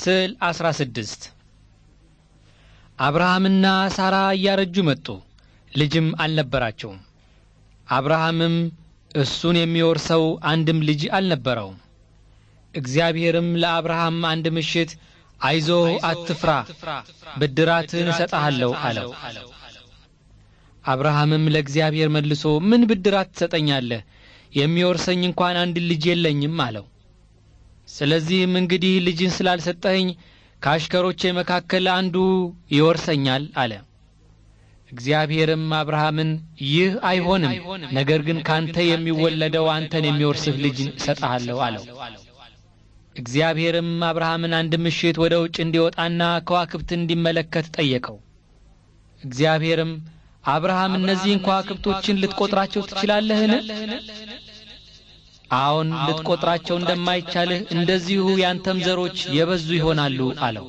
ስዕል 16 አብርሃምና ሳራ እያረጁ መጡ፣ ልጅም አልነበራቸውም። አብርሃምም እሱን የሚወርሰው አንድም ልጅ አልነበረውም። እግዚአብሔርም ለአብርሃም አንድ ምሽት አይዞህ፣ አትፍራ፣ ብድራትን እሰጥሃለሁ አለው። አብርሃምም ለእግዚአብሔር መልሶ ምን ብድራት ትሰጠኛለህ? የሚወርሰኝ እንኳን አንድ ልጅ የለኝም አለው። ስለዚህም እንግዲህ ልጅን ስላልሰጠኸኝ ከአሽከሮቼ መካከል አንዱ ይወርሰኛል አለ። እግዚአብሔርም አብርሃምን ይህ አይሆንም፣ ነገር ግን ካንተ የሚወለደው አንተን የሚወርስህ ልጅ እሰጥሃለሁ አለው። እግዚአብሔርም አብርሃምን አንድ ምሽት ወደ ውጭ እንዲወጣና ከዋክብት እንዲመለከት ጠየቀው። እግዚአብሔርም አብርሃም እነዚህን ከዋክብቶችን ልትቆጥራቸው ትችላለህን? አሁን ልትቆጥራቸው እንደማይቻልህ እንደዚሁ ያንተም ዘሮች የበዙ ይሆናሉ አለው።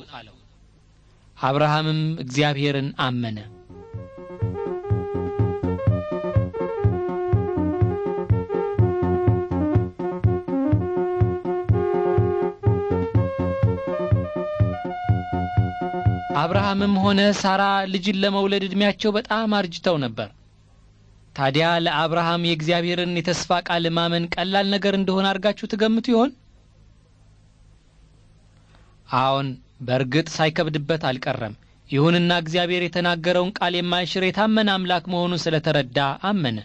አብርሃምም እግዚአብሔርን አመነ። አብርሃምም ሆነ ሳራ ልጅን ለመውለድ ዕድሜያቸው በጣም አርጅተው ነበር። ታዲያ ለአብርሃም የእግዚአብሔርን የተስፋ ቃል ማመን ቀላል ነገር እንደሆነ አድርጋችሁ ትገምቱ ይሆን? አዎን፣ በእርግጥ ሳይከብድበት አልቀረም። ይሁንና እግዚአብሔር የተናገረውን ቃል የማይሽር የታመነ አምላክ መሆኑን ስለተረዳ አመነ።